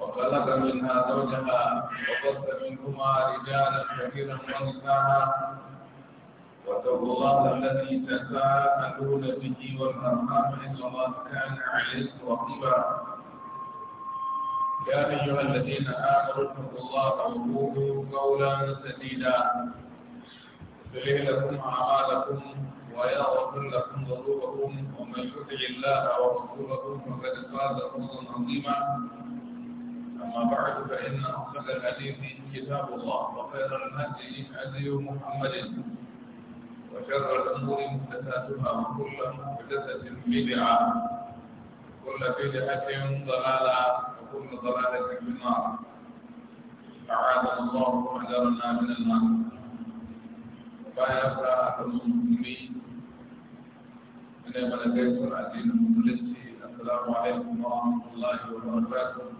وخلق منها زوجها وبث منهما رجالا كثيرا ونساء واتقوا الله الذي تساءلون به والارحام ان الله كان عليكم رقيبا يا ايها الذين امنوا اتقوا الله وقولوا قولا سديدا يصلح لكم اعمالكم ويغفر لكم ذنوبكم ومن يطع الله ورسوله فقد فاز فوزا عظيما أما بعد فإن أصدق الحديث كتاب الله وخير الهدي هدي محمد وشر الأمور محدثاتها وكل محدثة بدعة وكل بدعة ضلالة وكل ضلالة في النار أعاذنا الله وحذرنا من النار ساعة المسلمين من يمنى العزيز المخلص السلام عليكم ورحمة الله وبركاته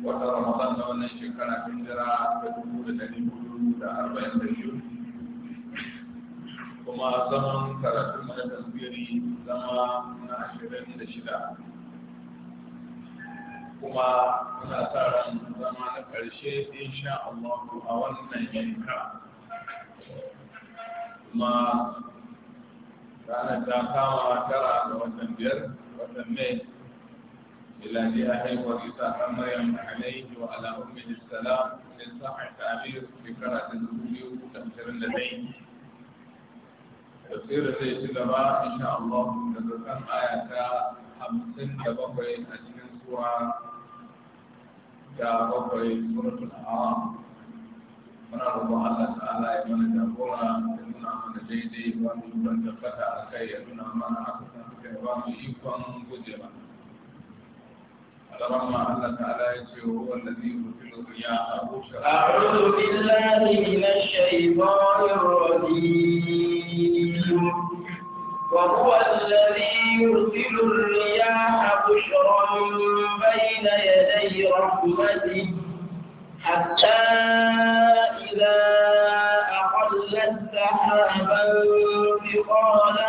wata ramadan na wannan shekara tun jira da dubu da dari hudu da arba'in da biyu kuma zaman karatu na tasiri zama na ashirin da shida kuma muna sa ran zama na ƙarshe insha Allahu a wannan yanka kuma ranar ta kama tara da watan biyar watan mai إلى جاء وعيسى عن مريم عليه وعلى أمه السلام من صح تعبير بقراءة النبوي تفسير النبي تفسير زي شغبا إن شاء الله نذكر آية 57 أجل سورة يا سورة الأعراف من roƙon الله تعالى ya mana jagora أمن جيدي ومن daidai wani ban da من a kai ya nuna mana رحمة الله تعالى هو الذي يرسل الرياح أعوذ بالله من الشيطان الرجيم وهو الذي يرسل الرياح بشرا بين يدي رحمته حتى إذا أقلت سحابا ثقالا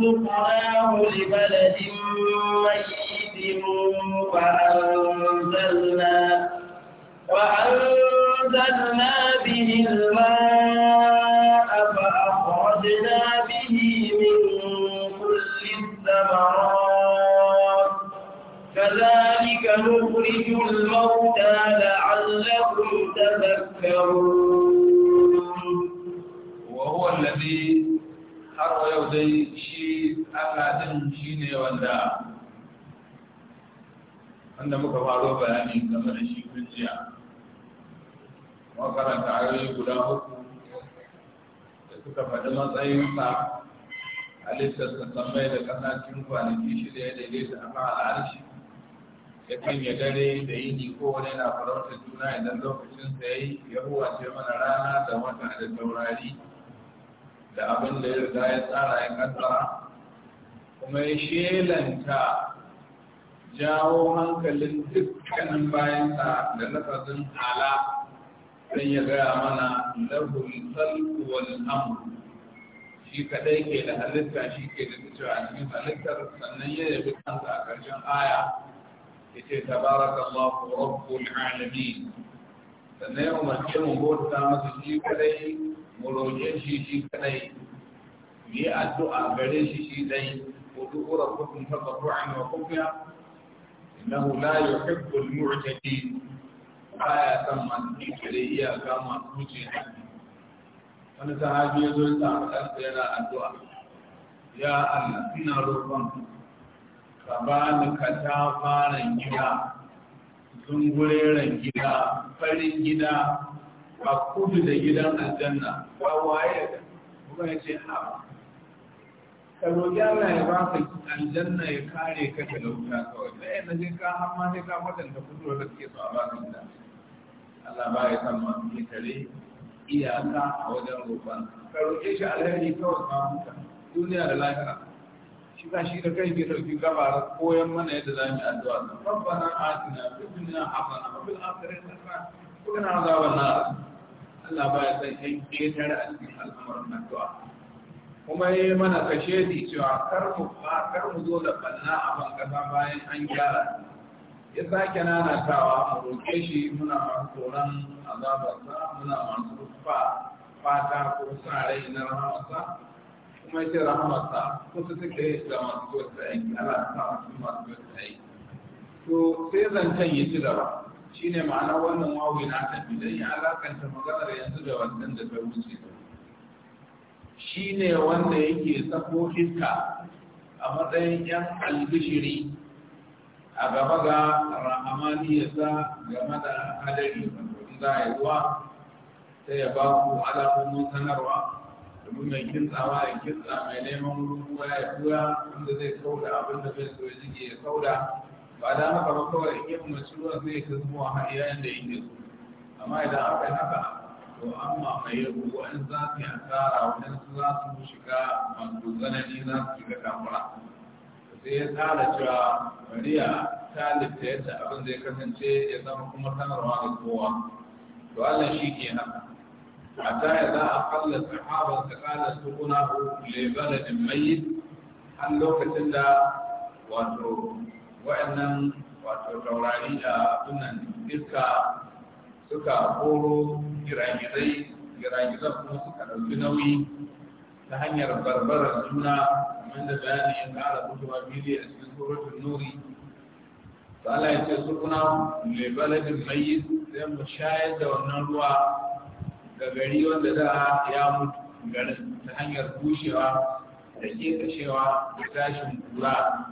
سقناه لبلد ميت وأنزلنا وأنزلنا به الماء فأخرجنا به من كل الثمرات كذلك نخرج الموتى لعلكم تذكرون وهو الذي har yau dai shi Allah din wanda muka faro bayani game da shi hujjiya makaranta ayoyi guda uku da suka faɗi matsayinsa halittarsa sammai da ƙasa cikin kwanaki shida ya daidaita a kan Yakan ya kanya dare da yini ko wani na farautar juna idan lokacinsa ya yi ya huwace mana rana da wata da taurari da abin da ya riga ya tsara ya kasa kuma ya shelanta jawo hankalin dukkanin bayansa da lafazin ala sai ya gaya mana na salku wal amru shi kadai ke da halitta shi ke da cewa a halittar sannan ya yabi kansa a ƙarshen aya ya ce ta baraka tabarakallahu rabbul alamin sannan ya umarce mu bauta masa shi kadai mu roƙe shi shi kadai mu yi addu'a gare shi shi dai ko duk ura kufin tabbaru an wa kufiya innahu la yuhibbu al-mu'tadin baya san masu kike iya ga masu wuce wani sahabi ya zo ya samu ɗansa yana addu'a ya ina roƙon ka ba ni ka ta gida zungureren gida farin gida a kudu da gidan aljanna ba waye kuma ya ce ha ka roƙi Allah ya ba ka aljanna ya kare ka daga wuta kawai sai na jin ka har ma sai ka kwatanta kudu da suke so a ba ka wuta Allah ba ya san masu kekare iyaka a wajen roƙon ka roƙe shi alheri kawai ma huta duniya da lafiya shi ba shi da kai ke ɗauki gabara koyon mana yadda za mu yi addu'a a rabbana atina fid dunya hasana wa fil akhirati hasana wa qina zaɓa nar Allah ba ya san kai ketare a cikin al'amuran addu'a kuma ya yi mana kashe di cewa kar mu zo da banna a kasa bayan an gyara ya sake nanatawa a roƙe shi muna masu tsoron azabarsa muna masu fata ko sa rai na rahamarsa kuma ya ce rahamarsa kusa yi da masu gwata yi ala ta masu masu gwata yi to sai zancen ya ci gaba shine ma'ana wannan wawina na tafi don ya alakanta maganar yanzu da wannan da ta wuce Shi ne wanda yake sako iska a matsayin yan albishiri a gaba ga rahamaniyarsa game da hadari wani za a yi ruwa sai ya ba ku alamomin sanarwa domin mai kintsawa ya kintsa mai neman ruwa ya tura wanda zai sauda abin da bai so ya jige ya sauda ba da haka ba kawai yin yi mace ruwa zai kasuwa zuwa har iyayen da yake so amma idan aka yi haka to amma mai rubu an za su yi asara waɗansu za su shiga masu tsanani za su shiga kamura sai ya tsara cewa bari ya talibta yadda abin zai kasance ya zama kuma sanarwa ga kowa to Allah shi ke a حتى إذا أقل الصحابة قال سكنه da mai har lokacin da wato wa'annan wato taurari da sunan iska suka koro giragizai giragizan kuma suka ɗauki nauyi ta hanyar barbarar juna kamar da bayani ya ƙara fitowa fili a cikin suratul nuri Allah ya ce sukuna mai baladin mai sai mu shayar da wannan ruwa ga gari wanda da ya mutu garin ta hanyar bushewa da ke kashewa da tashin kura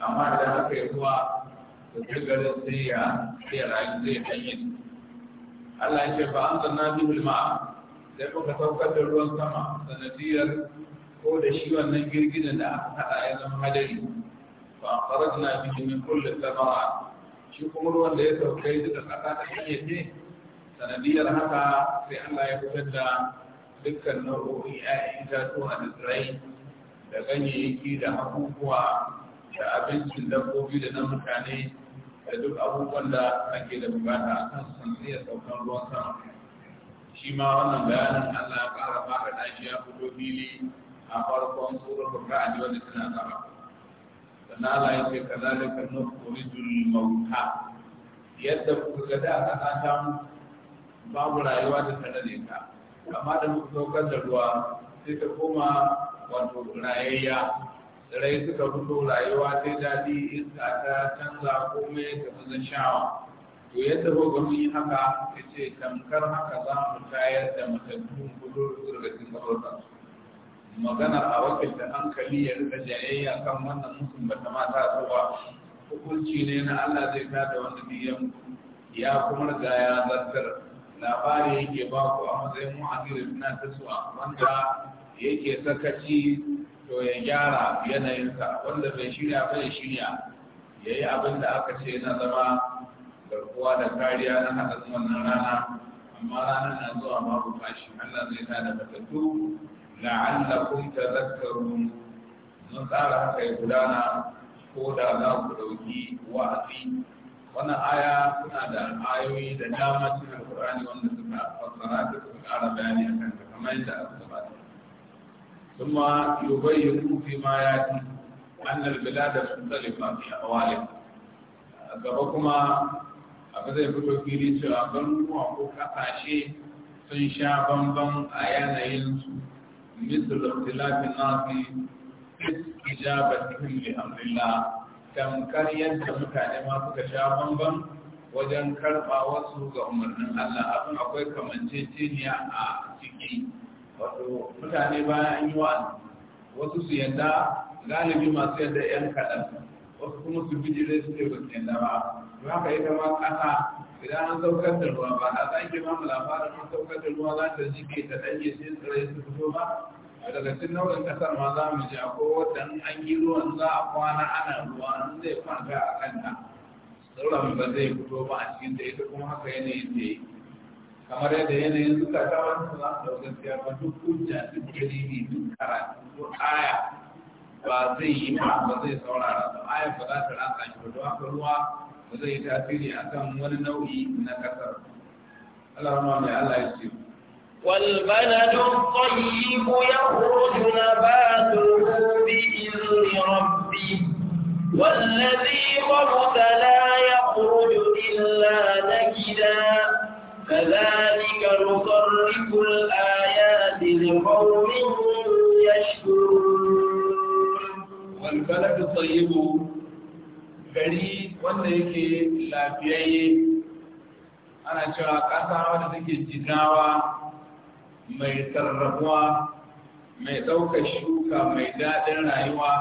amma da haka yi ruwa da garin sai ya rayu zai hanyar Allah ya ce fa an zanna bihul sai kuka saukar da ruwan sama sanadiyar ko da shi wannan da aka hada ya zama hadari fa min kulli shi kuma ruwan da ya sauka ya duka kasa da sanadiyar haka sai Allah ya fitar da dukkan nau'o'i ƴaƴan itatuwa da tsirai da ganyayyaki da abubuwa da abincin dabbobi da na mutane da duk abubuwan da ake da bukata a kan iya saukan ruwan sama shi ma wannan bayanin Allah ya fara fara shi ya fito fili a farkon a jiwa da suna sama sannan Allah ya ce kazalika nukhrijul mauta yadda kuka ga da a ta babu rayuwa da ta da ta amma da muka saukar da ruwa sai ta koma wato rayayya rai suka fito rayuwa sai daɗi iska ta canza komai ta fi shawa to yadda ko mun yi haka ya ce tamkar haka za mu tayar da matattun kudur zurgatin gabarka maganar a wakilta hankali ya rika jayayya kan wannan mutum ba mata su ba hukunci ne na Allah zai tada wanda biyan ya kuma riga ya zartar labari yake ba ku a matsayin mu'azir na tasuwa wanda yake sakaci to ya gyara yanayinsa wanda bai shirya ba ya shirya ya yi abin da aka ce na zama garkuwa da kariya na haɗa wannan rana amma ranar na zuwa babu fashi Allah zai tada matattu la'allakum tadhakkarun mun tsara haka ya gudana ko da za ku ɗauki wa'azi wannan aya suna da ayoyi da dama cikin alƙur'ani wanda suka fassara da suka ƙara bayani akan kamar yadda aka gabata ثم يبين فيما ياتي أن البلاد مختلفة في أوالها gaba kuma abin zai fito fili cewa garuruwa ko kasashe sun sha bambam a yanayin su misal ikhtilafin nasi ijabatihim li amrillah tamkar yadda mutane ma suka sha bambam wajen karɓa wasu ga umarnin Allah abin akwai kamanceceniya a ciki mutane bayan an yi wa'azi wasu su yadda galibi masu yadda yan kaɗan wasu kuma su bijire su ne ba su yadda ba to haka ita ma ƙasa idan an saukar da ruwa ba a san ke mamu labarin an saukar da ruwa za ta jike ta ɗanye sai tsirai su fito ba daga cikin nau'in ƙasar ma za mu ji akwai wadda an yi ruwan za a kwana ana ruwa in zai kwanta a kanta sauran ba zai fito ba a cikin da ita kuma haka yanayin da ya yi kamar yadda yanayin suka kawar su za su dauka ba duk hujja duk dalili duk karatu ko aya ba zai yi ba ba zai saurara ba aya ba za ta rasa shi ba don haka ruwa ba zai yi tasiri akan wani nau'i na kasar Allah ma mai Allah ya ce والبلد الطيب يخرج نباته بإذن ربه والذي خبث لا يخرج إلا نكدا كذلك نصرف الآيات لقوم يشكرون والبلد الطيب gari wanda yake lafiyayye ana cewa ƙasa wanda take jigawa mai sarrafuwa mai ɗaukar shuka mai daɗin rayuwa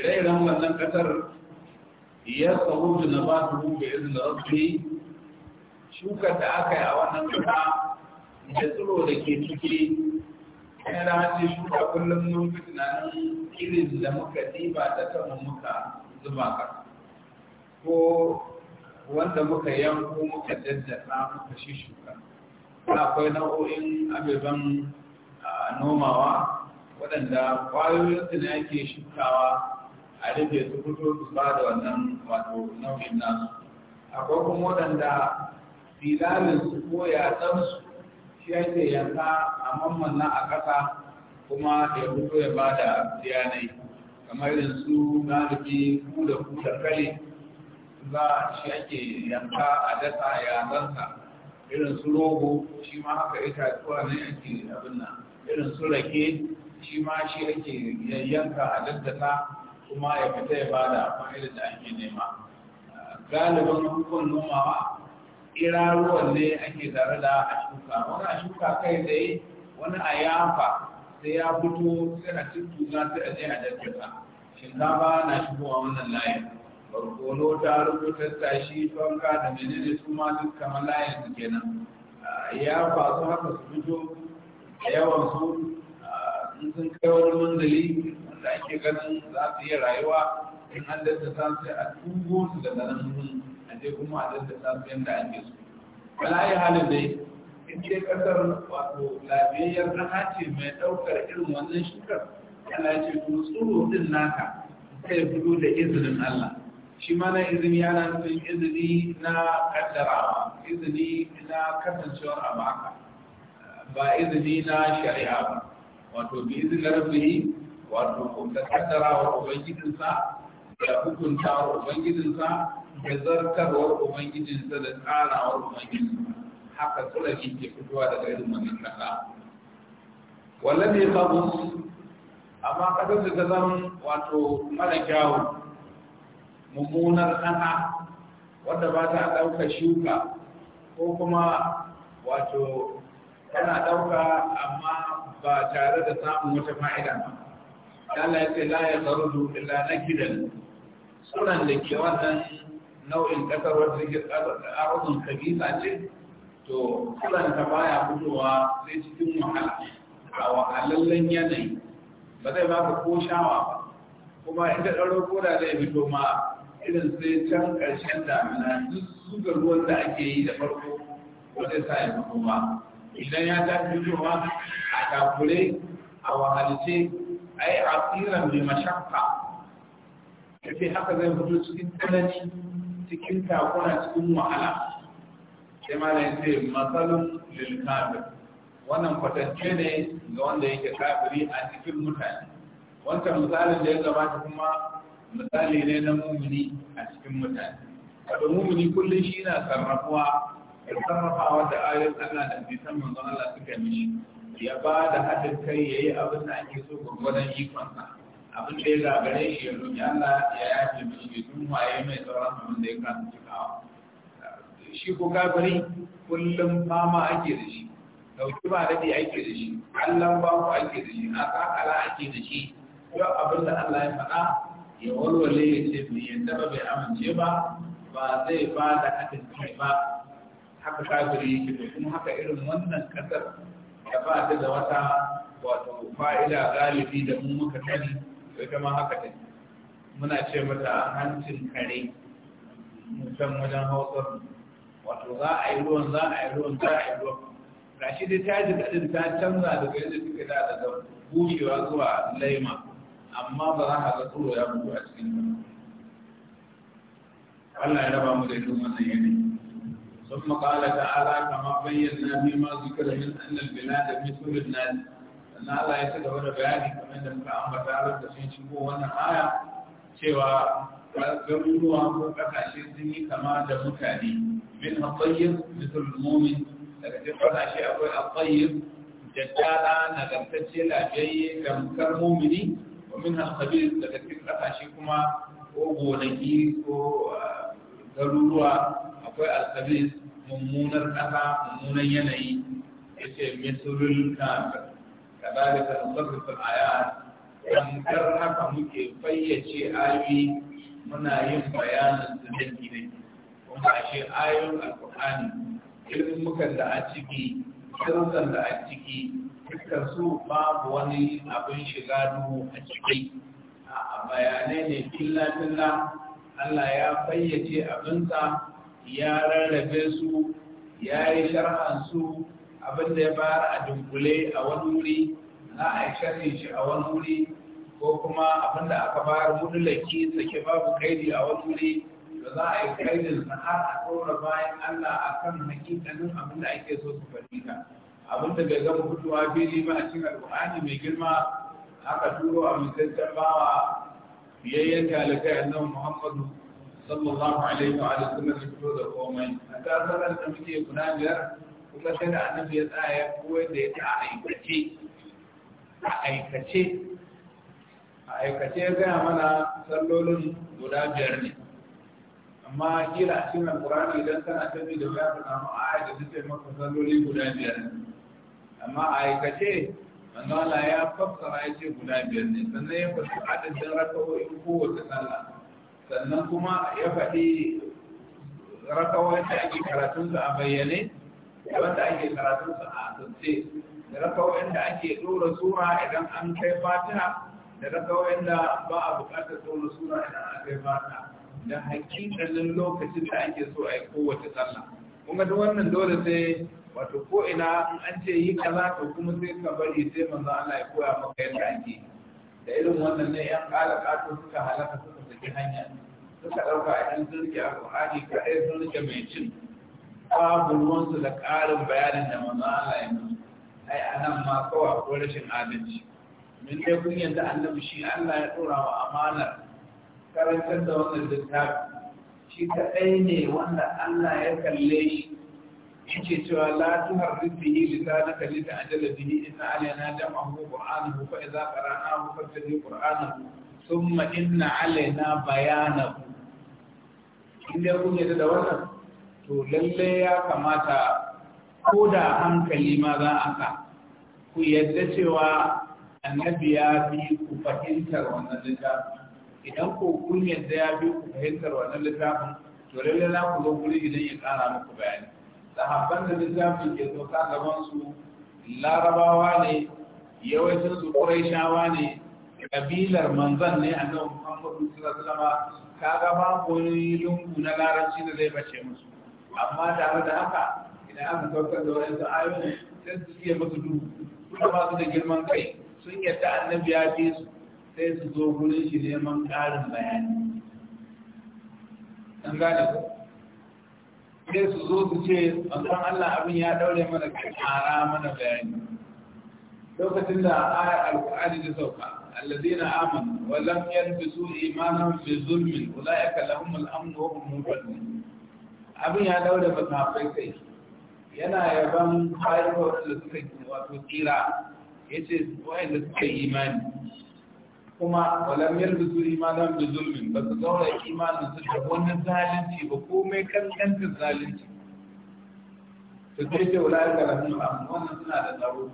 ire-iren wannan ƙasar ya tsawo da na ba su shukar da aka yi a wannan kasa da tsoro da ke ciki yana hanci shuka kullum nun fi tunanin irin da muka ɗiba da kama muka zuba ka ko wanda muka yanko muka daddasa muka shi shuka akwai nau'o'in abeban nomawa waɗanda su ne ake shukawa a rufe su fito su ba da wannan wato nau'in nasu akwai kuma waɗanda filanin su ko yatsan shi ake yanka a mamman a ƙasa kuma ya fito ya ba da yanayi kamar yin su maliki kuda kuda kale za shi ake yanka a dasa yatsansa irin su rogo shi ma haka itatuwa na yanki abin nan irin su rake shi ma shi ake yanka a daddasa kuma ya fita ya ba da fa'idar da ake nema galibin hukun nomawa ruwan ne ake tare da a shuka wani a shuka kai tsaye wani a yafa sai ya fito sai a tuttuza sai a je a jajjaka shinkafa na shigowa wannan layin barkono ta rubuta tashi fanka da menene su ma duk kamar layin su kenan ya faso haka su fito da yawan su sun kai wani manzali wanda ake ganin za su iya rayuwa in an daddasa sai a tugo su da nan sai kuma a tattata su yadda ake Bala ya halin dai in dai kasar wato labiyar na hace mai ɗaukar irin wannan shukar yana ce to tsoro din naka sai fito da izinin Allah shi na izini yana nufin izini na kaddarawa izini na kasancewar a haka ba izini na shari'a ba wato bi izinin rabbi wato da kaddarawa ubangijinsa da hukunta ubangijinsa da zartarwar ubangijinsa da tsarawar ubangijinsa haka tsulaki ke fitowa daga irin wannan kasa wallafi kabus amma kasar da ta wato mara kyau, mummunar ana. Wanda ba ta dauka shuka ko kuma wato tana dauka amma ba tare da samun wata fa'ida ba Allah ya ce la ya zarudu illa na gidan da ke wannan nau'in ƙasar wadda take arzikin kabila ce to kulanta baya fitowa sai cikin wahala a wahalallen yanayi ba zai baka ko shawa ba kuma inda ɗauro koda zai fito ma irin sai can ƙarshen damina duk zuga ruwan da ake yi da farko ba zai sa ya fito ba idan ya ta fitowa a takure a wahalce ai asiran mai mashakka ce haka zai fito cikin tsanani cikin takura cikin wahala sai malam ce masalun lilkafir wannan kwatance ne ga wanda yake kafiri a cikin mutane wancan misalin da ya gabata kuma misali ne na mumuni a cikin mutane kada mumuni kullum shi na sarrafuwa ya sarrafawa da ayoyin Allah da san manzon Allah suka mishi ya ba da haɗin kai ya yi abin da ake so gwagwadon ikonsa abin da ya gagare shi ya roƙi Allah ya yafe mishi tun waye mai sauran abin da ya kan cikawa shi ko kafiri kullum fama ake da shi dauki ba daɗi ake da shi kallon baku ake da shi a kakala ake da shi yau abin da Allah ya faɗa ya walwale ya ce mai ya taɓa bai amince ba ba zai ba da haɗin kai ba haka kafiri yake da kuma haka irin wannan ƙasar da ba ta da wata wato fa'ida galibi da mu muka sani ita ma haka ta muna ce mata hancin kare mutum wajen hausar wato za a yi ruwan za a yi ruwan za a yi ruwan gashi dai ta ji daɗin ta canza daga yadda suke da daga bushewa zuwa laima amma ba za a ga tsoro ya mutu a cikin ta Allah ya raba mu da irin wannan yanayi ثم قال تعالى كما بينا فيما ذكر من أن البلاد مثل الناس sannan Allah ya ci gaba da bayani kamar da muka ambata lokacin shigo wannan aya cewa garuruwa ko ƙasashe sun yi kama da mutane min haƙayyar misal mumin daga cikin ƙasashe akwai haƙayyar jaddada nagartacce lafiyayye tamkar mumini wa min haƙabir daga cikin ƙasashe kuma ko gonaki ko ah, garuruwa akwai alkabir mummunar ƙasa mummunan yanayi ya ce misalul kafir kadalika nusarrifu al-ayat tamkar haka muke fayyace ayoyi muna yin bayanin su dan gidan kuma ashe ayoyin alqur'ani ilmukan da a ciki sirrin da a ciki dukkan su babu wani abin shiga duhu a ciki a bayanai ne filla-filla Allah ya fayyace abinsa ya rarrabe su ya yi sharhansu abin da ya bayar a dunkule a wani wuri za a yi shafi shi a wani wuri ko kuma abin da aka bayar wani laki sake babu kaidi a wani wuri da za a yi kaidin na har a tsora bayan Allah a kan hakikanin abin da ake so su fahimta abin da bai gama mutuwa fili ba a cikin alƙur'ani mai girma aka turo a misaltar bawa biyayyen talibai annabi Muhammadu sallallahu alaihi wa sallam da komai a tasarar da muke guda biyar kuma sai da annabi ya tsaya ya koyar da ya a aikace a aikace a aikace ya gaya mana sallolin guda biyar ne amma kila a cikin alkurani idan kana tafi da waya ka samu aya da take maka salloli guda biyar ne amma a aikace manzo Allah ya fassara ya ce guda biyar ne sannan ya fassara adadin raka'o'in kowace sallah sannan kuma ya faɗi ta da ake da a bayyane da wanda ake karatun su a asirce da rakawoyin da ake ɗora sura idan an kai fatiha da rakawoyin da ba a buƙatar ɗora sura idan an kai fata da hakikalin lokacin da ake so a yi kowace tsalla kuma da wannan dole sai wato ko ina an ce yi kaza to kuma sai ka bari sai manzo Allah ya koya maka yadda ake da irin wannan ne yan kala kato suka halaka suka saki hanya suka dauka a yan sun rike kadai sun rike mai cin babu ruwansu da ƙarin bayanin da manzo Allah ya musu ai anan ma kawai ko rashin adalci min dai kun yanda annabi shi Allah ya dora wa amana karantar da wannan littafi shi kadai ne wanda Allah ya kalle shi yake cewa la tuharrik bihi lisanaka li ta'jala bihi inna alaina jam'ahu qur'anahu fa idza qara'nahu fattabi qur'anahu thumma inna alaina bayanahu inda kun yadda da wannan to lalle ya kamata ko da hankali ma za a ka ku yadda cewa annabi ya fi ku fahimtar wannan littafin idan ku kun yadda ya fi ku fahimtar wannan littafin to lalle na ku zo guri idan ya kara muku bayani sahabban da littafin ke zo ka gaban su larabawa ne yawancin su ƙuraishawa ne kabilar manzan ne nan Muhammadu sallallahu alaihi wasallam kaga babu wani lungu na larabci da zai bace musu amma tare da haka idan aka saukar da wani ayoyin sai su iya musu duhu kuma ba su da girman kai sun yadda annabi ya fi su sai su zo gurin shi neman ƙarin bayani an gane ku sai su zo su ce manzon Allah abin ya daure mana kai ƙara mana bayani lokacin da ayar alƙur'ani ta sauka الذين آمنوا ولم يلبسوا إيمانهم بظلم أولئك لهم الأمن وهم مهتدون abin ya daure masafai kai yana yaban bayan da suka yi wato tsira ya ce da suka yi imani kuma da yalda su imanan da zulmin ba su zaura imanin su da wani zalunci ba komai kankanta zalunci su ce ce wula ga rahim amma wannan suna da tsaro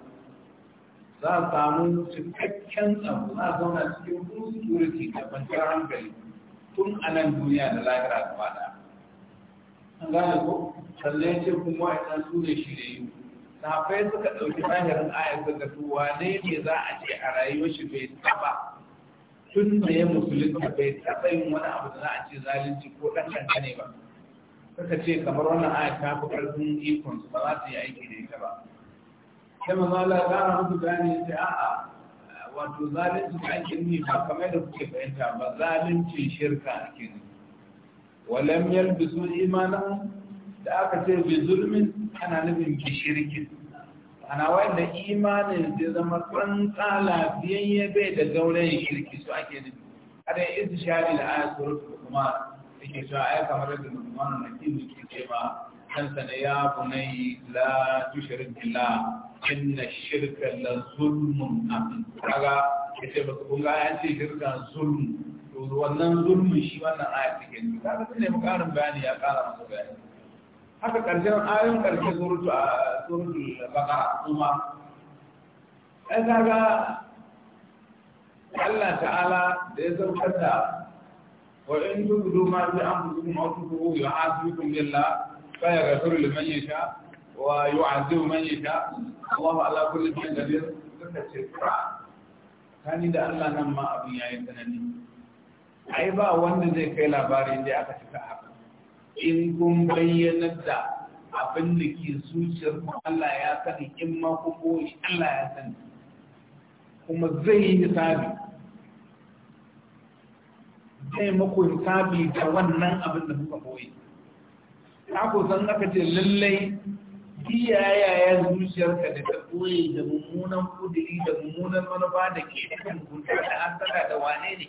za a samu cikakken tsaro za a zauna cikin security da kwanciyar hankali tun a nan duniya da lahira gaba ɗaya gane ko sannan ce kuma wa'annan su ne shirayu safai suka ɗauki zahirin ayar suka su wane ne za a ce a rayuwar shi bai taɓa tun da ya musulunta bai taɓa yin wani abu da za a ce zalunci ko ɗan ne ba suka ce kamar wannan ayar ta fi ƙarfin ikon su ba za su yi aiki da ita ba sai manzo Allah ya ƙara musu gane ce a wato zalunci da ake nufi ba kamar da kuke fahimta ba zalunci shirka ake nufi walam yalbisu imanan da aka ce bi zulmin ana nufin bi shirkin ana wanda imanin zai zama tsantsa ya bai da gaurayin shirki su ake nufi har yin shari da aya surutu kuma da yake cewa ai kamar da mu'minin na kin ke ce ma dan sana ya bunai la tushrik billah inna shirka la zulmun azim kaga ce ba kun ga an ce shirka zulmun. to wannan zulmin shi wannan ayat ke nuna kaga sai mu karin bayani ya kara masa bayani haka karshen ayoyin karshe suratu a da baka kuma ai kaga Allah ta'ala da ya saukar da wa in tubdu ma fi anfusikum aw tukhfuhu yuhasibukum billah fa yaghfiru liman yasha wa yu'adhibu man yasha Allahu ala kulli shay'in qadir suka ce Qur'an kani da Allah nan ma abin yayin sanani ai ba wanda zai kai labarin da aka cika haka in kun bayyana da abin da ke zuciyar ku Allah ya sani in ma ku koyi Allah ya sani kuma zai yi misali zai maku misali da wannan abin da kuka koyi ta ku san aka ce lallai zuciyar ka da ta koyi da mummunan kudiri da mummunan manufa da ke cikin kunta da hasara da wane ne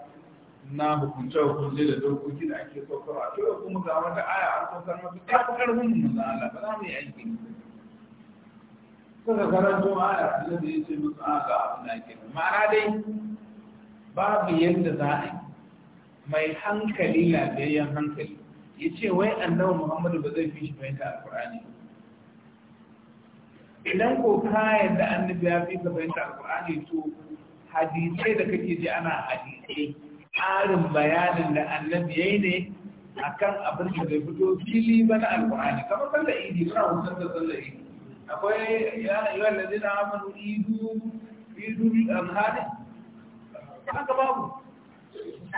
na hukunce-hukunce da dokoki da ake saukarwa to yau kuma ga wata aya an saukar masu tafi karfin mu manzan Allah ba za mu yi aiki ne suka karanto aya Allah da ya ce musu a ga abin da ake ma'ana dai babu yadda za a yi mai hankali lafiyayyen hankali ya ce wai annabi muhammadu ba zai fi shi fahimta alkur'ani idan ko ka yadda annabi ya fi ka fahimta Alƙur'ani, to hadisai da kake ji ana hadisai ƙarin bayanin da annabi ya yi ne a kan abin da bai fito fili ba na alƙur'ani kamar sallar idi suna hutar da sallar idi akwai yana yi wanda zai na amanu idu idu alhali haka babu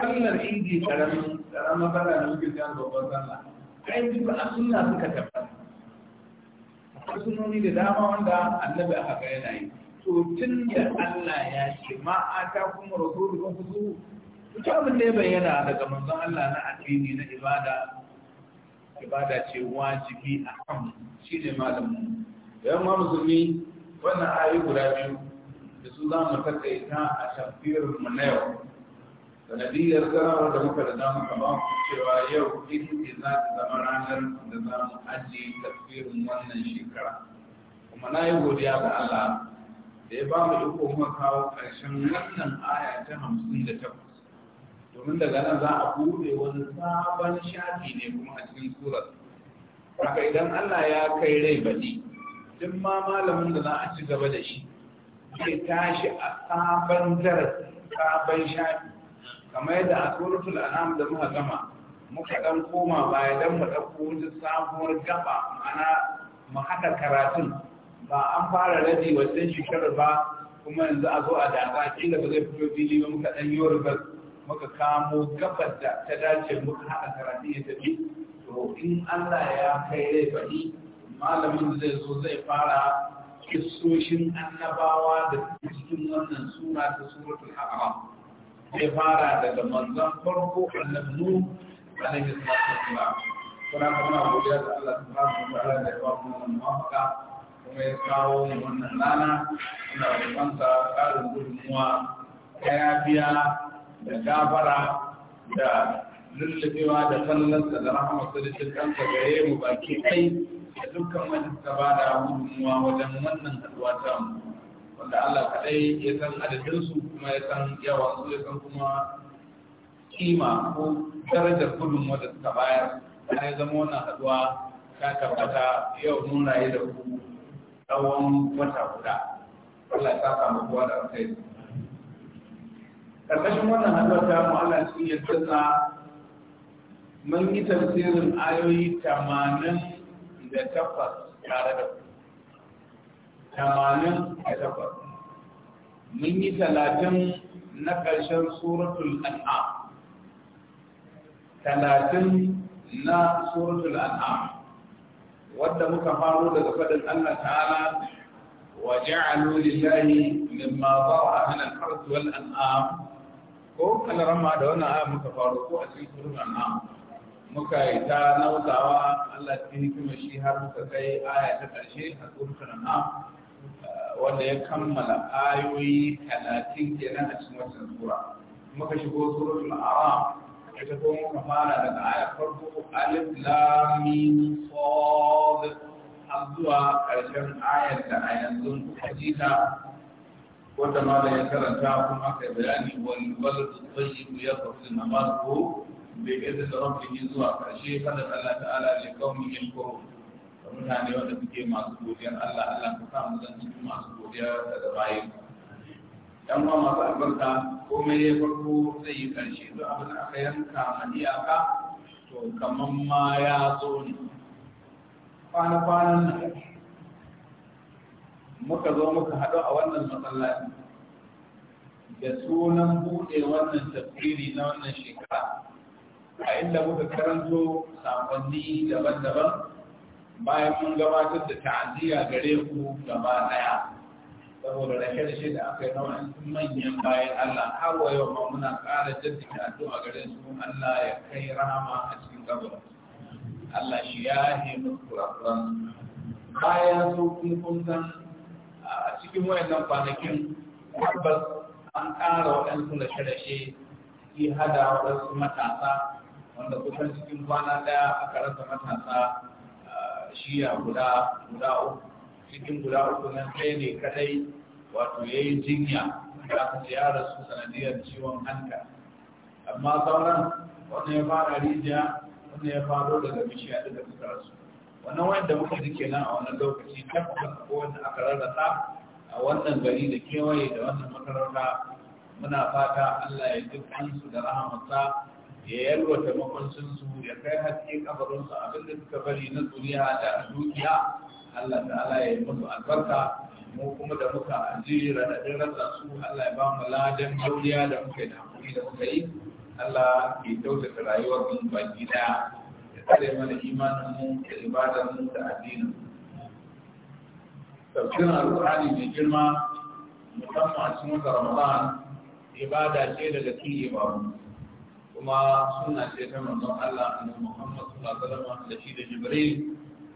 sallar idi karamin karamin na wuce muke jan babban sallah kai duk a suna suka tabbata akwai sunoni da dama wanda annabi aka yana yi to tun da Allah ya ce ma'a ta kuma rasulun kusu duk abin da ya bayyana daga manzon Allah na addini na ibada ibada ce wajibi a kan shi ne malamin yan ma musulmi wannan ayi guda biyu da su za mu takaita a shafiyar mu na yau sanadiyar da muka da damu ka ba cewa yau ita ce za ta zama ranar da za mu ajiye tafiyar wannan shekara kuma na yi godiya ga Allah da ya ba mu iko kuma kawo ƙarshen wannan aya ta hamsin da takwas domin daga nan za a buɗe wani sabon shafi ne kuma a cikin surar haka idan Allah ya kai rai baɗi duk ma malamin da za a ci gaba da shi zai tashi a sabon darasi sabon shafi kamar yadda a suratul anam da muka gama muka dan koma baya dan mu ɗauko wani sabuwar gaba ma'ana mu haɗa karatun ba an fara rabi wannan shekarar ba kuma yanzu a zo a daga kila ba zai fito fili ba muka ɗan yi muka kamo gabar da ta dace muka haɗa karatu ya tafi to in Allah ya kai rai bani malamin zai zo zai fara kissoshin annabawa da cikin wannan sura ta suratul a'raf zai fara daga manzon farko annabi nuh alaihi salatu wassalam kuna kuma godiya ga Allah subhanahu wa ta'ala da ya ba mu wannan mafaka kuma ya kawo mu wannan rana ina roƙon sa ƙarin gudunmuwa ta yafiya da gafara da lullubewa da sallansa da rahamarsa da cikansa gare mu baki kai da dukkan wani ba da wajen wannan haduwa ta mu wanda Allah kaɗai ya san adadinsu kuma ya san yawan su ya san kuma kima ko darajar kudin da suka bayar ana ya zama wannan haduwa ta tabbata yau muna yi da ku tsawon wata guda Allah ya saka mu kowa da alkhairi ƙarƙashin wannan haɗuwar ta mu Allah shi ya tsatsa mun yi tafsirin ayoyi tamanin da takwas tare da ku tamanin da takwas mun yi talatin na ƙarshen suratul an'am talatin na suratul an'am wadda muka faro daga faɗin Allah ta'ala wa ja'alu lillahi mimma dhara min al-ardh wal an'am ko kalarama da wannan aya muka faru ko a cikin surun annam muka yi ta nautawa Allah cikin hikimar shi har muka kai aya ta karshe a surun annam eh, wanda ya kammala ayoyi talatin kenan a cikin wannan sura muka shigo surun al'aram ita ko muka fara daga aya farko alif lam mim sad har zuwa ƙarshen ayar da a yanzu ta wata mala ya karanta kuma aka bayani wani wal waladu tayyibu yakhruju nabatuhu bi idhni rabbih zuwa karshe kada Allah ta'ala li qaumin yashkurun mutane wanda suke masu godiyar Allah Allah ka sa mu zan cikin masu godiya daga bayan dan ma masu albarka komai ya farko zai yi karshe duk abin da aka yanka a iyaka to kaman ma ya zo ne kwana-kwanan nan muka zo muka haɗu a wannan masallaci da sunan buɗe wannan tafsiri na wannan shekara a inda muka karanto sakonni daban-daban bayan mun gabatar da ta'aziyya gare ku gaba ɗaya saboda rashe-rashe da aka yi na wani manyan bayan Allah har wa yau ma muna ƙara jaddada addu'a gare su Allah ya kai rahama a cikin gabar Allah shi ya yi musu kurakuran bayan su kun kun san a cikin wayannan kwanakin tabbas an ƙara waɗansu da shirashe yi hada waɗansu matasa wanda kusan cikin kwana ɗaya aka rasa matasa ah, shiya guda guda uku cikin guda uku nan ɗaya ne kadai wato ya yi jinya da aka ce ya rasu sanadiyar ciwon hanta amma sauran wanda ya fara rijiya wanda ya faro daga bishiya daga suka rasu wannan wanda muka jike nan a wannan lokaci tabbas ko wanda aka rarrasa a wannan gari da kewaye da wannan makaranta muna fata Allah ya ji kansu da rahamarsa ya yalwata su ya kai haske kabarinsu da suka bari na duniya da dukiya Allah ta'ala ya yi musu albarka mu kuma da muka ajiye raɗaɗin rasa su Allah ya ba mu ladan duniya da muka yi da da muka yi Allah ya kyautata rayuwar mu baki daya kare mana imanin mu da ibadar mu da addinin mu tafsirin alƙur'ani mai girma musamman a cikin wata ramadan ibada ce daga cikin ibadu kuma suna ce ta manzon Allah annabi Muhammad sallallahu alaihi wasallam da shi da Jibril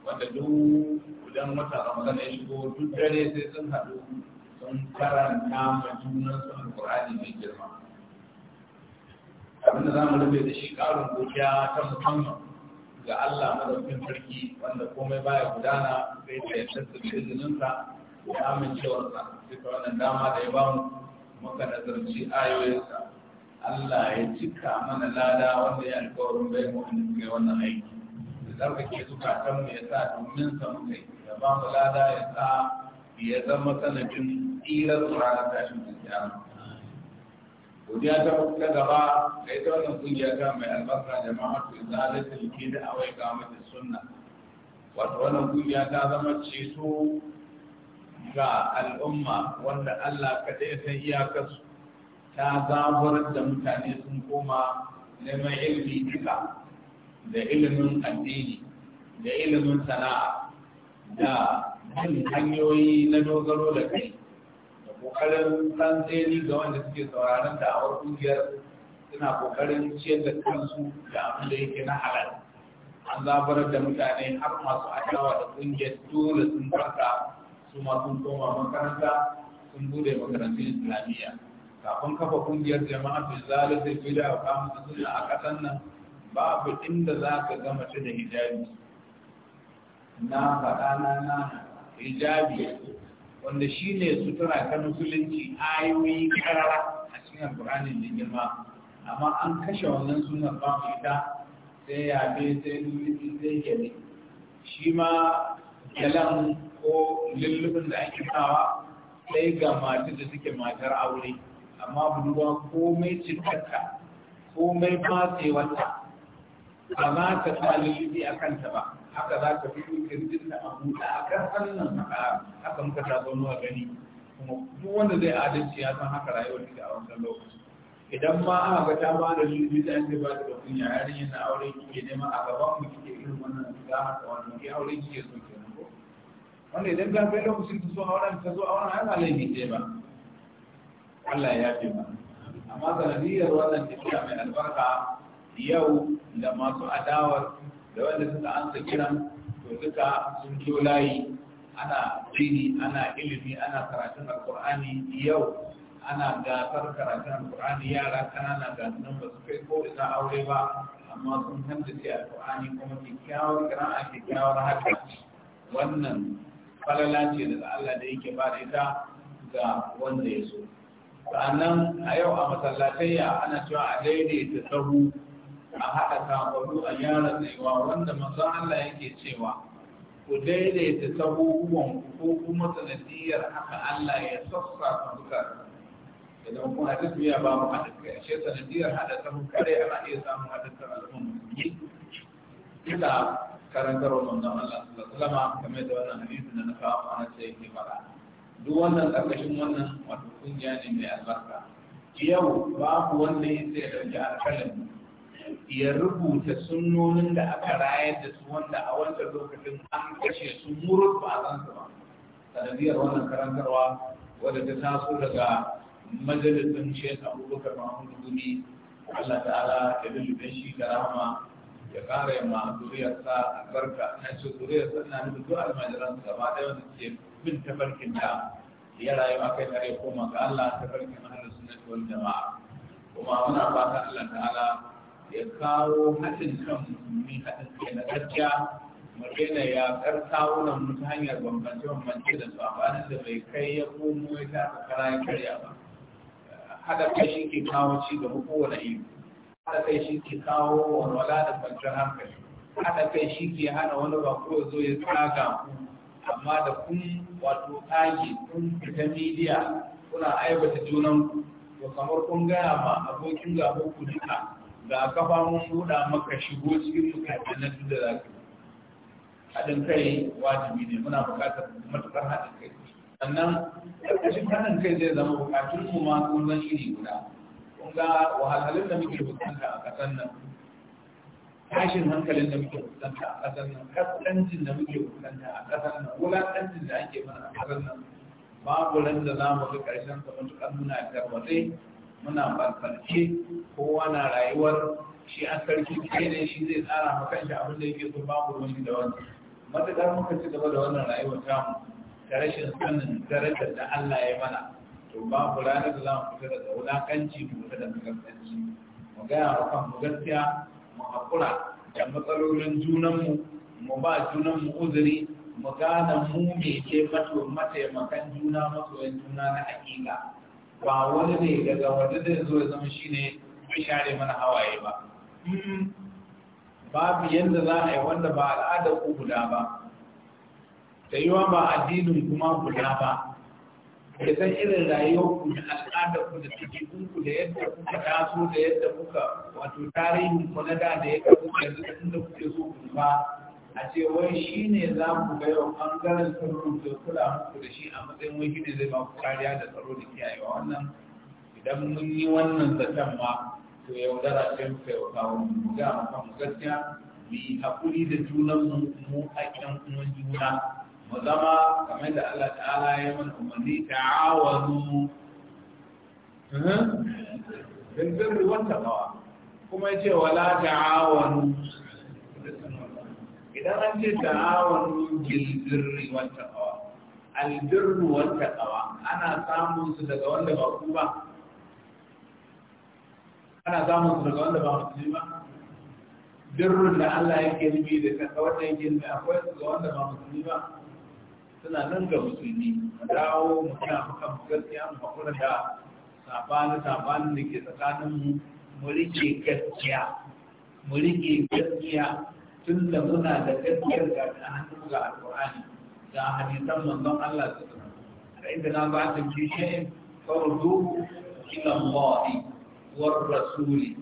wanda duk idan wata ramadan ya shigo duk dare sai sun hadu, sun karanta ma junan su alƙur'ani mai girma abinda za mu rufe da shi ƙarin godiya ta musamman ga Allah madaukin sarki wanda komai baya gudana sai da yadda su da izininsa da amincewarsa ta wannan dama da ya bamu muka nazarci ayoyinsa Allah ya cika mana lada wanda ya alkawarin bai mu wanda suka wannan aiki da ke suka zukatanmu ya sa domin sa muka yi ya bamu lada ya sa ya zama sanadin tsirar ranar tashin zuciya godiya ta gaba da ita wannan kungiya ta mai albarka jama'a to zalatul kida awai ga mata sunna wato wannan kungiya ta zama ceto ga al'umma wanda Allah kaɗai san iyakarsu ta zabar da mutane sun koma neman ilimi duka da ilimin addini da ilimin sana'a da bin hanyoyi na dogaro da kai kokarin tsantseni ga wanda suke sauraron da'awar kungiyar suna kokarin ciyar da kansu da abin da yake na halal an zabar da mutane har masu adawa da kungiyar dole sun farka su ma sun koma makaranta sun bude makarantun islamiyya kafin kafa kungiyar jama'a fi zai fi da mu suna a kasan nan babu inda za ka ga mace da hijabi na faɗa na hijabi wanda shi ne sutura ta musulunci ayoyi karara a cikin alƙur'anin da girma amma an kashe wannan sunan ba mu ita sai yabe sai lullubi sai gyale shi ma galan ko lullubin da ake kawa sai ga matar da suke matar aure amma budurwa komai cikarta komai fasewarta ba za ta sa lullubi a kanta ba haka za ka fi kirjin da a buɗe a kan hannun maka haka muka ta zaunuwa gani kuma duk wanda zai adalci ya san haka rayuwar take a wancan lokaci idan ma aka ga ta ba da shi bi da ake ba da kunya yarin yana aure ke nema a gaban mu kike irin wannan za tsawon wannan ke aure ke so kenan ko wanda idan ka kai lokacin ki so auren ka zo auren ai ba laifi ce ba Allah ya yafe ba amma sanadiyar wannan tafiya mai albarka yau da masu adawar da wanda suka ansa kiran to duka sun jo layi ana dini ana ilimi ana karatun alkur'ani yau ana gasar karatun alkur'ani yara kanana ga nan ba su kai ko ina aure ba amma sun haddace alkur'ani kuma kyakkyawar kira'a kyakkyawar haka wannan falala ce daga Allah da yake ba da ita ga wanda ya so sannan a yau a masallatayya ana cewa a daidaita sahu a haɗa kafaɗu a gyara tsayuwa wanda manzon Allah yake cewa ku daidaita sabubuwan ko kuma sanadiyar haka Allah ya sassa ta duka idan kuna tafiya ba mu haɗa kai ashe sanadiyar haɗa sabu kare ana iya samun haɗa kan al'umma ita karantar wa manzon Allah sallallahu alaihi kamar da wannan hadisi da na kawo ana ce yake fara duk wannan ƙarƙashin wannan wato kungiya ne mai albarka yau babu wanda ya sai jihar Kalin. ya rubuta sunnonin da aka rayar da su wanda a wancan lokacin an kashe su murut ba a san su ba sanadiyar wannan karantarwa wadda ta taso daga majalisin shek abubakar mahmud gumi allah ta'ala ya lullube shi da rahama ya yi ma zuriyarsa albarka na ce zuriyarsa na nufin duk almajiran gaba ɗaya wanda ke bin tafarkin ta ya rayu a kai tare koma ga allah tafarkin ahalin sunan wani jama'a kuma muna fatan allah ta'ala ya kawo haɗin kan musulmi haɗin kai na gaskiya magana ya karta wuna mu ta hanyar bambance-bambance da su amma da bai kai ya komo ya ta kara ya karya ba haɗa kai shi ke kawo ci gaba wani iri haɗa kai shi ke kawo walwala da kwanciyar hankali haɗa kai shi ke hana wani ba ko zo ya tsaga ku amma da kun wato tsage kun fita midiya kuna aibata junan ku to kamar kun gaya ma abokin gaba ku duka ga kafa mun buɗa maka shigo cikin bukatun na da za ka haɗin kai wajibi ne muna buƙatar matukar haɗin kai sannan ƙarƙashin haɗin kai zai zama buƙatun mu ma sun zan iri guda kun ga wahalhalun da muke fuskanta a ƙasar nan tashin hankalin da muke fuskanta a ƙasar nan kasancin da muke fuskanta a ƙasar nan wulaƙancin da ake mana a ƙasar nan babu ran da za mu ga ƙarshen sa matuƙar muna tarwatsai muna bakarce kowa na rayuwar shi a sarki kai ne shi zai tsara maka shi abin da yake so babu wani da wani matuƙar muka ci gaba da wannan rayuwar ta mu ta rashin sanin darajar da Allah ya mana to babu ranar da za mu fita daga wulakanci mu fita daga gaskanci mu gaya wa kanmu gaskiya mu haƙura da matsalolin junanmu mu ba junanmu uzuri mu gane mu ne ke mataimakan juna masoyan juna na hakika ba wani ne daga wanda zai zo ya zama shi ne mai share mana hawaye ba babu yadda za a yi wanda ba al'adar ku guda ba yi yiwa ba addinin kuma guda ba da san irin rayuwar ku da al'adar ku da cikin ku da yadda kuka taso da yadda kuka wato tarihin kwanada da da yadda kuka yanzu da kuke so ku ba a ce wai shi ne za mu ga yau ɓangaren sirrin da kula muku da shi a matsayin wai shi ne zai ba kariya da tsaro da kiyaye wa wannan idan mun yi wannan zaton ma to yaudara ce muka yau kawo mu ga mu kan gaskiya mu yi hakuri da junan mu a ƴan uwan juna mu zama kamar da Allah ta'ala ya mana umarni ta'awanu bin eh? birri wata kawa kuma ya ce wala ta'awanu idan an ce ta'awanu bil birri wata taqwa al birru wa taqwa ana samun su daga wanda ba ku ba ana samun su daga wanda ba musulmi ba birrun da Allah yake nufi da kasa wanda yake nufi akwai su ga wanda ba musulmi ba suna nan ga musulmi a dawo mu a kan gaskiya mu hakura da sabani sabanin da ke tsakanin mu mu rike gaskiya mu rike gaskiya tun da muna da gaskiyar da ta hannu ga alƙur'ani da hadisan manzon Allah su A da inda na ba ta fi shayin fardu ila Allah wa rasuli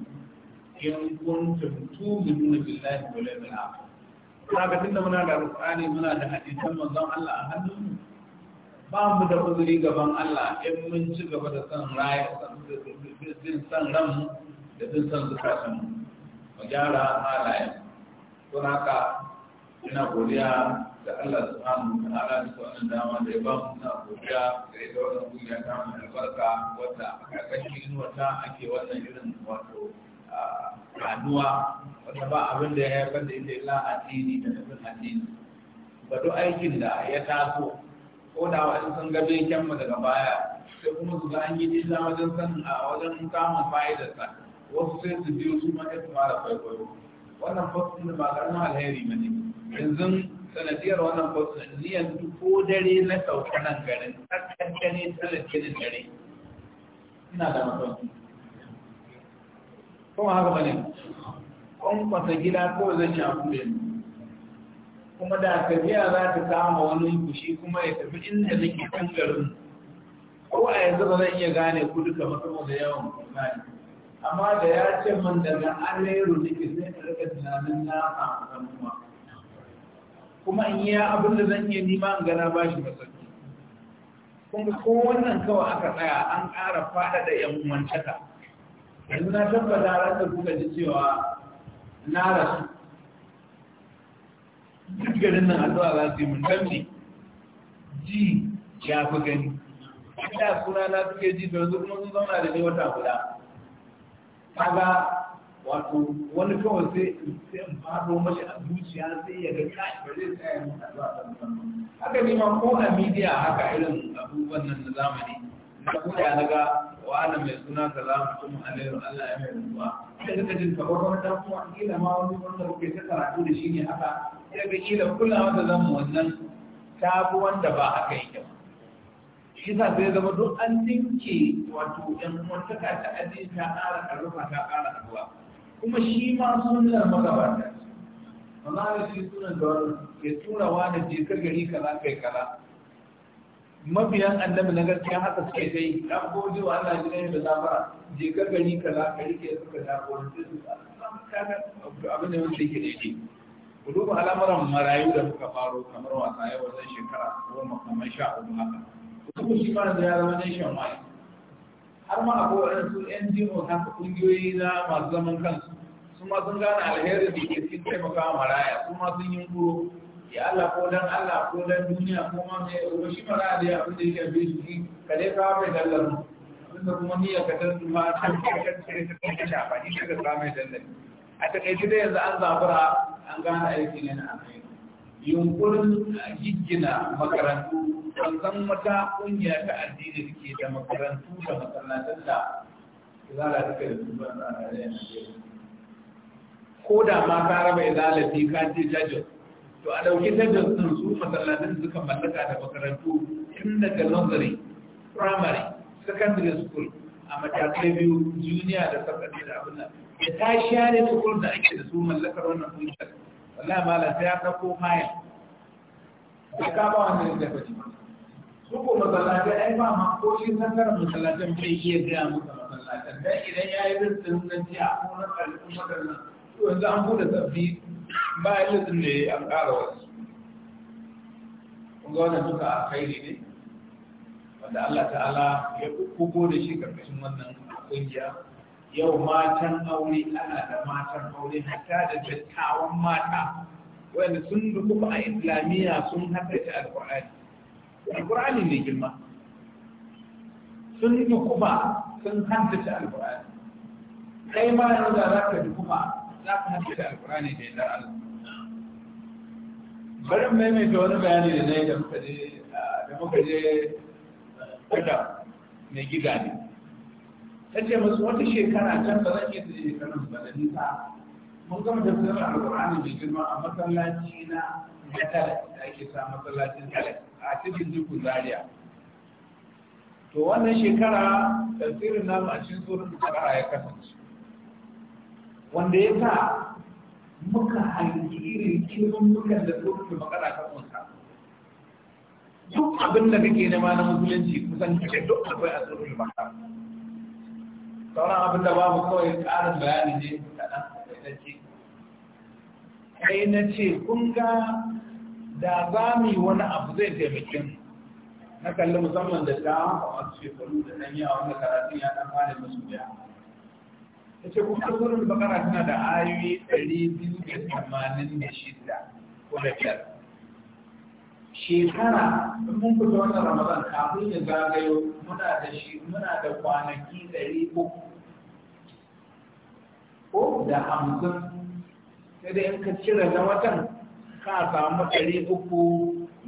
in kuntum tu'minuna billahi wal yawmil akhir kaga tunda muna da alƙur'ani muna da hadisan manzon Allah a hannunmu ba mu da uzuri gaban Allah in mun ci gaba da san rayar san san ranmu da san san zukatanmu mu gyara halayen don haka ina godiya da Allah subhanahu wa ta'ala da wannan dama da ya ba mu na godiya da ita wannan kungiya ta mu albarka wadda a karkashin wata ake wannan irin wato ranuwa wanda ba abin da ya haifar da ita illa addini da nufin addini ba duk aikin da ya taso ko da wani sun ga beken mu daga baya sai kuma su ga an yi nisa wajen san a wajen samun fa'idarsa wasu sai su biyo su ma ya fara kwaikwayo wannan ne ba karamin alheri ba ne yanzu sanadiyar wannan fasin ni yanzu ko dare na sauka nan garin tsakar dare sanadiyar dare ina da masauki kuma haka ba ne kwankwasa gida ko zan yi abu da kuma da tafiya za ta kama wani kushi kuma ya tafi inda nake kan garin ko a yanzu ba zan iya gane ku duka masu da yawan kuma amma da ya ce man daga alairu nake sai zai rika tunanin na a kuma kuma in yi abin da zan iya nima in gana ba shi masauki kuma ko wannan kawai aka tsaya an ƙara da yan uwantaka yanzu na tabbata rasa kuka ji cewa na rasu duk garin nan addu'a za su yi mun tambi ji ya fi gani ina suna na suke ji da yanzu kuma sun zauna da ne wata guda kaga wato wani kawai sai in faɗo mashi a zuciya sai ya gani kai ba zai tsaya mu a zuwa haka ne ma ko a media haka irin abubuwan nan na zamani na koya na ga wa'ana mai suna za mu mutum alaihi Allah ya mai ruwa sai ka jin kamar wani ta kuma kila ma wani wanda kuke ta karatu da shi ne haka sai ga kila kulawa da zamu wannan tabu wanda ba haka yake ba shi sa sai zama don an dinke wato yan mutaka ta addini ta ƙara ƙarfafa ta ƙara ƙarfafa kuma shi ma sunan magabata amma shi sunan da wani ya tura wa wani je kar gari kaza kai kaza mabiyan annabi na gaskiya haka suke dai dan gode wa Allah ji ne da zafara je ka gari kaza ka rike su ka jagoranci su abin da wanda yake daidai ku duba al'amuran marayu da suka faro kamar wasa yau wajen shekara goma kamar sha uku haka kuma shi ma da ya zama nation wide har ma akwai waɗansu NGO haka ƙungiyoyi na masu zaman kansu su ma sun gane alherin da ke cikin wa maraya su ma sun yi kuro ya Allah ko dan Allah ko dan duniya ko ma mai ko shi maraya da ya abin da yake bi shi ka dai ka mai dallar mu abinda kuma niyyar ka ta ma ta ta shafa ni ka ga mai dallar a takaice dai yanzu an zabura an gane aiki ne na amai yunkurin gigina makarantu san wata kungiya ta addini da ke da makarantu da masallatan da za a suka da tuba a Najeriya. Ko da ma ka raba izala fi ka ce jajin, to a ɗauki jajin sun su masallatan suka mallaka da makarantu tun daga nazari primary, secondary school a matakai biyu junior da secondary da abin nan. Da ta ne school da ake da su mallakar wannan kungiyar. wallahi malam sai ya ɗauko mayan da ka wanda ya tafi su ko masallatai ai ba ma ko shi sankarar masallacin bai iya gaya muka masallacin. dan idan ya yi rinsin na a ko na ƙarfin waɗannan to yanzu an buɗe sabbi ba ya lissin da ya an ƙara wasu kun ga wannan duka a kai ne wanda Allah ta'ala ya kuko da shi karkashin wannan ƙungiya yau matan aure ana da matan aure hatta da dattawan mata wanda sun rukuba a islamiyya sun haddace alkur'ani alkur'ani ne girma sun rukuba sun haddace alkur'ani kai ma yau da za ka rukuba za ka haddace alkur'ani da yadda Allah bari maimaita wani bayani da na yi da muka je da muka je kada mai gida ne ta ce masu wata shekara can ba zan iya da shekarun ba da nisa mun gama da sanar alƙur'ani mai girma a masallaci na kala da ake sa masallacin kala a cikin jikin zaria to wannan shekara tasirin namu a cikin tsoron shekara ya kasance wanda ya sa muka hangi irin kirin mukan da tsoron magana kan wata duk abin da kake nema na musulunci kusan kake duk akwai a tsoron magana sauran abin da babu kawai ƙarin bayani ne kaɗan kai na ce kun ga da za mu yi wani abu zai taimake na kalli musamman da ta a wasu shekaru da nan yawa wanda karatun ya ɗan fara masu biya ta ce kuma sunan bakara tana da ayoyi ɗari biyu da tamanin da shida ko da biyar shekara mun fito wannan ramadan kafin ya zagayo muna da shi muna da kwanaki ɗari uku ko da hamsin sai dai in ka cire na watan ka samu ɗari uku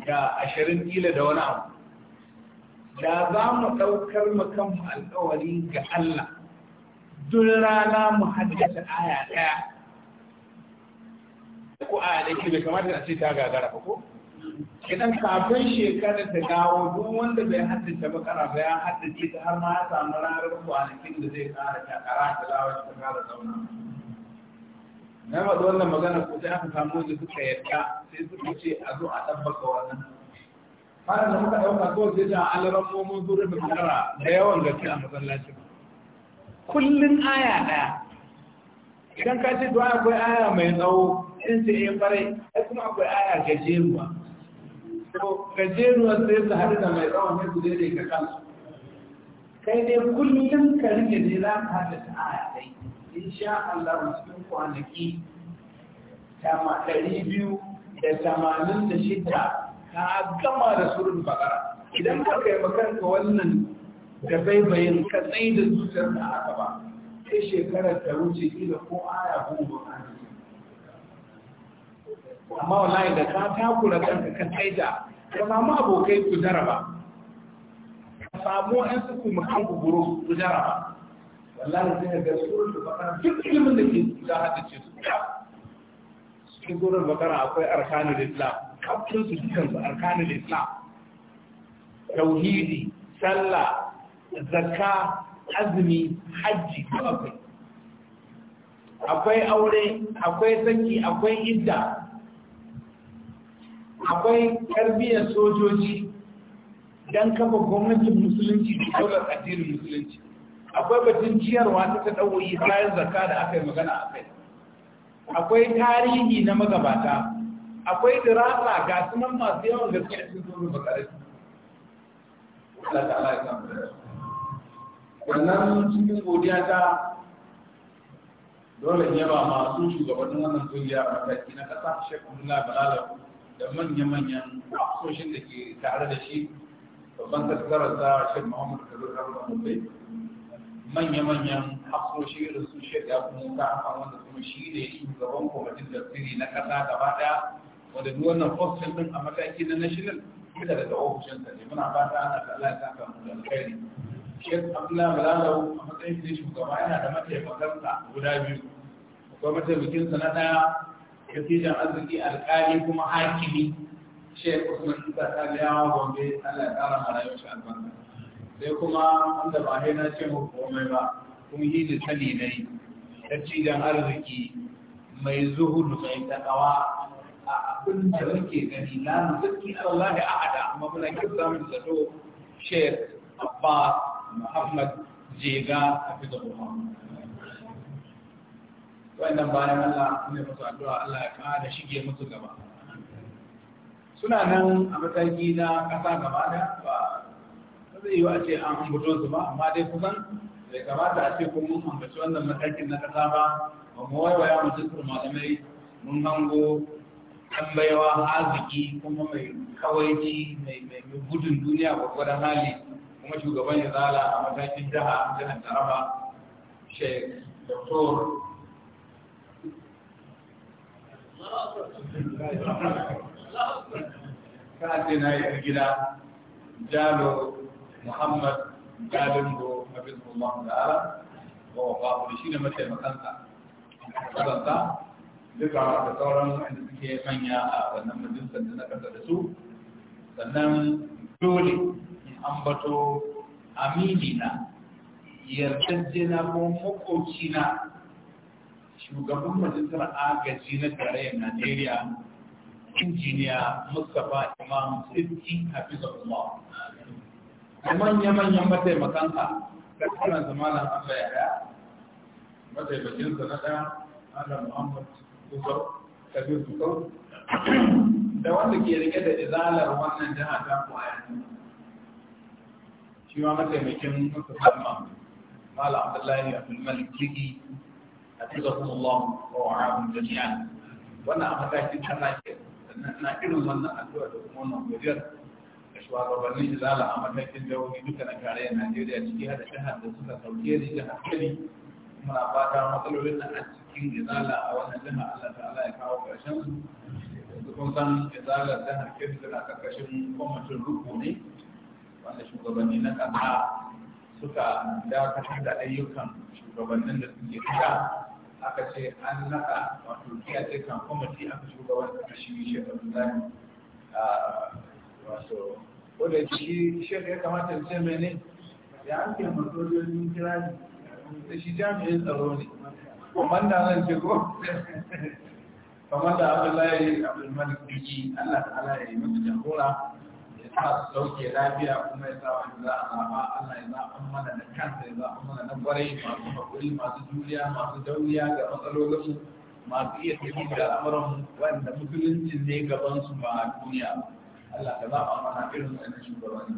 da ashirin kila da wani abu da za mu ɗaukar mu kan alƙawari ga Allah duk rana mu haddasa aya ɗaya ko aya da ke bai kamata a ce ta gagara ba ko idan kafin shekara ta gawo, duk wanda bai haddace bakara ba ya haddace ta har ma ya samu ranar kwanakin da zai kara kara ta lawa ta kara zauna na faɗi nan magana ko sai aka samu wanda suka yarda sai suka ce a zo a tabbaka wannan fara da muka ɗauka ko sai da alaran momon zuri da kara da yawan gaske a masallacin kullum aya ɗaya idan ka ce to akwai aya mai tsawo in sai ya fare eh kuma akwai aya gajeruwa to gajeruwar sai su haɗu da mai tsawon sai su daidai ka kansu kai dai kullum ka rike ne za ka haɗu da aya in sha Allah cikin kwanaki tama ɗari biyu da tamanin da shida ka gama da surun bakara idan ka kai makanka wannan da baibayin ka tsaye da zuciyar da aka ba sai shekarar ta wuce kila ko aya goma ba amma wallahi da ka takura kanka ka tsaye ka samu abokai ku jaraba ka samu ɗan suku ku mutum ku guru ku jaraba wallahi sai ga suratul bakara duk ilimin da ke da hada ce su da Su suratul bakara akwai arkanul islam kafin su dukan su arkanul islam tauhidi sallah zakka azumi hajji akwai akwai aure akwai saki akwai idda akwai karbiyar sojoji don kafa gwamnatin musulunci da daular addinin musulunci akwai batun ciyarwa ta ta ɗauyi bayan zarka da aka yi magana a kai akwai tarihi na magabata akwai dirasa ga sunan masu yawan gaske a sun zuru makarai wannan cikin godiya ta dole ne ba masu shugabannin wannan kungiya a mataki na ƙasa shekaru na balalar da manya-manyan soshin da ke tare da shi babban taskarar ta shi muhammadu kabir rahman mutai manya-manyan hafsoshi irin su shi ya kuma ta a wanda kuma shi ne shugaban kwamitin tsiri na kasa gaba daya wanda duk wannan postin din a mataki na national ita daga ofishin ta ne muna fata ana da Allah ya saka da alkhairi Sheikh Abdullahi Balalau a matsayin shi shugaba yana da mataimakansa guda biyu akwai mataimakinsa na daya dattijan arziki alƙali kuma hakimi shek usman duka ta yawa gombe allah ya ƙara ma rayuwar shi albarka sai kuma wanda ba na ce muku komai ba kun yi da sani na yi dattijan arziki mai zuhudu mai takawa a abin da muke gani na zaki allah ya ahada amma muna kin samun zato shek abbas muhammad jega a fi da muhammad wannan bayan Allah ne masu addu'a Allah ya ƙara shige musu gaba suna nan a mataki na ƙasa gaba da ba zai yi wa ce an ambato su ba amma dai kusan bai kamata a ce ko mun ambaci wannan matakin na ƙasa ba ba mu waiwaya mu jikin malamai mun hango tambayawa arziki kuma mai kawaici mai gudun duniya gwagwadon hali kuma shugaban ya zala a matakin jiha jihar taraba shek doktor ka ce na yi gida jalo muhammad galingo abin Allah da ala wa wafafu shi ne mataimakansa kasanta duka da sauran wanda suke manya a wannan majalisar da na kasa da su sannan dole ambato amini na yarjejjena ko makoci na shugaban majalisar agaji na tarayyar najeriya injiniya mustapha imam sirki hafizahullah da manya-manyan mataimakansa da kanan zamanin allah ya daya mataimakinsa na daya allah muhammad kusur kabir kusur da wanda ke rike da izalar wannan jiha ta kwaya shi ma mataimakin mustapha imam malam abdullahi abdulmalik ligi حفظكم الله ووعاكم جميعا وانا اخذت ان شاء الله كده ان احنا كده وانا ادعو لكم انه بجد اشوار ربنا اذا لا اخذت ان جو دي كان كاري ان دي دي اتي هذا الشهر ده سنه توكيه دي ده حبي ما بقى ما قالوا لنا حتى كين اذا لا او انا لما الله تعالى يكاو عشان تكون كان اذا لا ده كده كده كشف قوم وانا شغلني انا كان suka da kashin da ayyukan shugabannin da suke aka ce an naka wato kiya ce kan kwamiti aka wani da shi shi da a wato wanda shi shi ya kamata ya ce mene ya ake masojojin kira da shi jami'in tsaro ne komanda zan ce ko kamar da abdullahi mani duki allah ta'ala ya yi mutu jagora sa su ɗauke lafiya kuma ya sa wani za a zaɓa Allah ya zaɓa mana da kansa ya zaɓa mana na ƙwarai masu haƙuri masu juriya masu dauriya ga matsalolinmu masu iya tafi da al'amuran wanda musuluncin ne gaban su ba duniya Allah ka zaɓa mana irin wannan shugabanni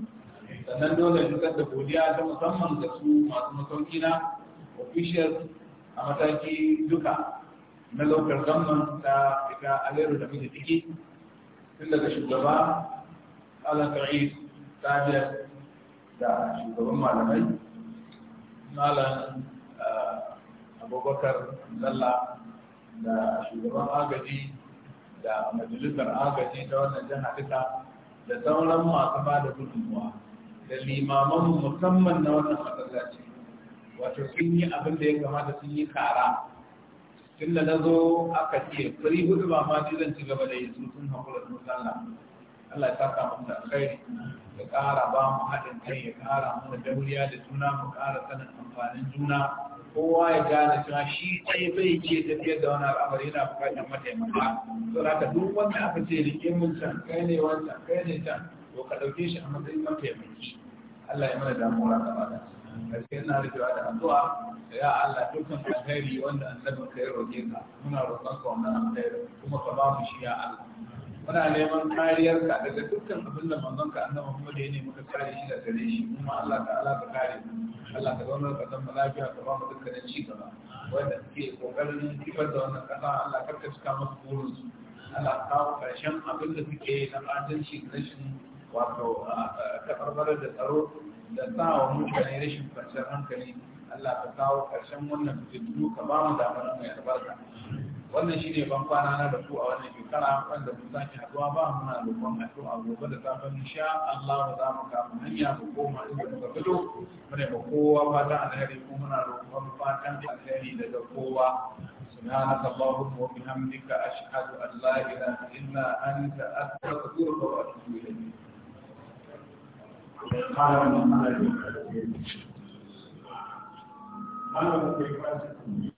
sannan dole in da godiya ta musamman ga su masu masauki na officials a mataki duka na lokar gamman ta fita alheru da muke ciki tun daga shugaba ala sa'id sabir da shugaban malamai malam ah, abubakar lalla da shugaban agaji da majalisar agaji ta wannan jiha duka da sauran masu ba da gudunmuwa da limaman musamman na wannan masallaci wato sun yi abin da ya kamata sun yi kara tun da na zo aka ce fari hudu ba ma zan ci gaba da yi sun haƙura sun Allah ya saka mu da alkhairi ya ƙara ba mu haɗin kai ya ƙara mu dauriya da juna mu ƙara sanin amfanin juna kowa ya gane cewa shi sai bai ke tafiyar da wani al'amari yana bukatar mataimaka to da duk wanda aka ce rike mun can kai ne wancan kai ne can to ka ɗauke shi a matsayin mataimaki Allah ya mana damuwa da bada gaskiya na rikewa da addu'a ya Allah dukkan alheri wanda annabin kai roƙe ka muna roƙon ka wannan alheri kuma ka ba mu shi ya Allah muna neman kariyarka daga dukkan abin da ka annabi kuma da ya nemi ka kare shi da gare shi kuma Allah ta Allah ka kare Allah ta zauna ka zama lafiya ka ba mu dukkanin ci gaba wanda suke kokarin kifar da wannan kasa Allah karka cika masu burin su Allah ka kawo karshen abin da suke na adalci rashin wato tabarbarar da tsaro da sa wa mutane rashin kwanciyar hankali Allah ka kawo karshen wannan fitintunu ka ba mu damar mai albarka wannan shine ne ban kwana na da ku a wannan shekara wanda mun sake haduwa ba muna roƙon a gobe da safen insha Allah za mu kama hanya mu koma inda muka fito muna ba kowa fatan alheri ko muna roƙon fatan alheri daga kowa سبحانك اللهم وبحمدك أشهد أن لا إله إلا أنت أستغفرك وأتوب إليك Thank you.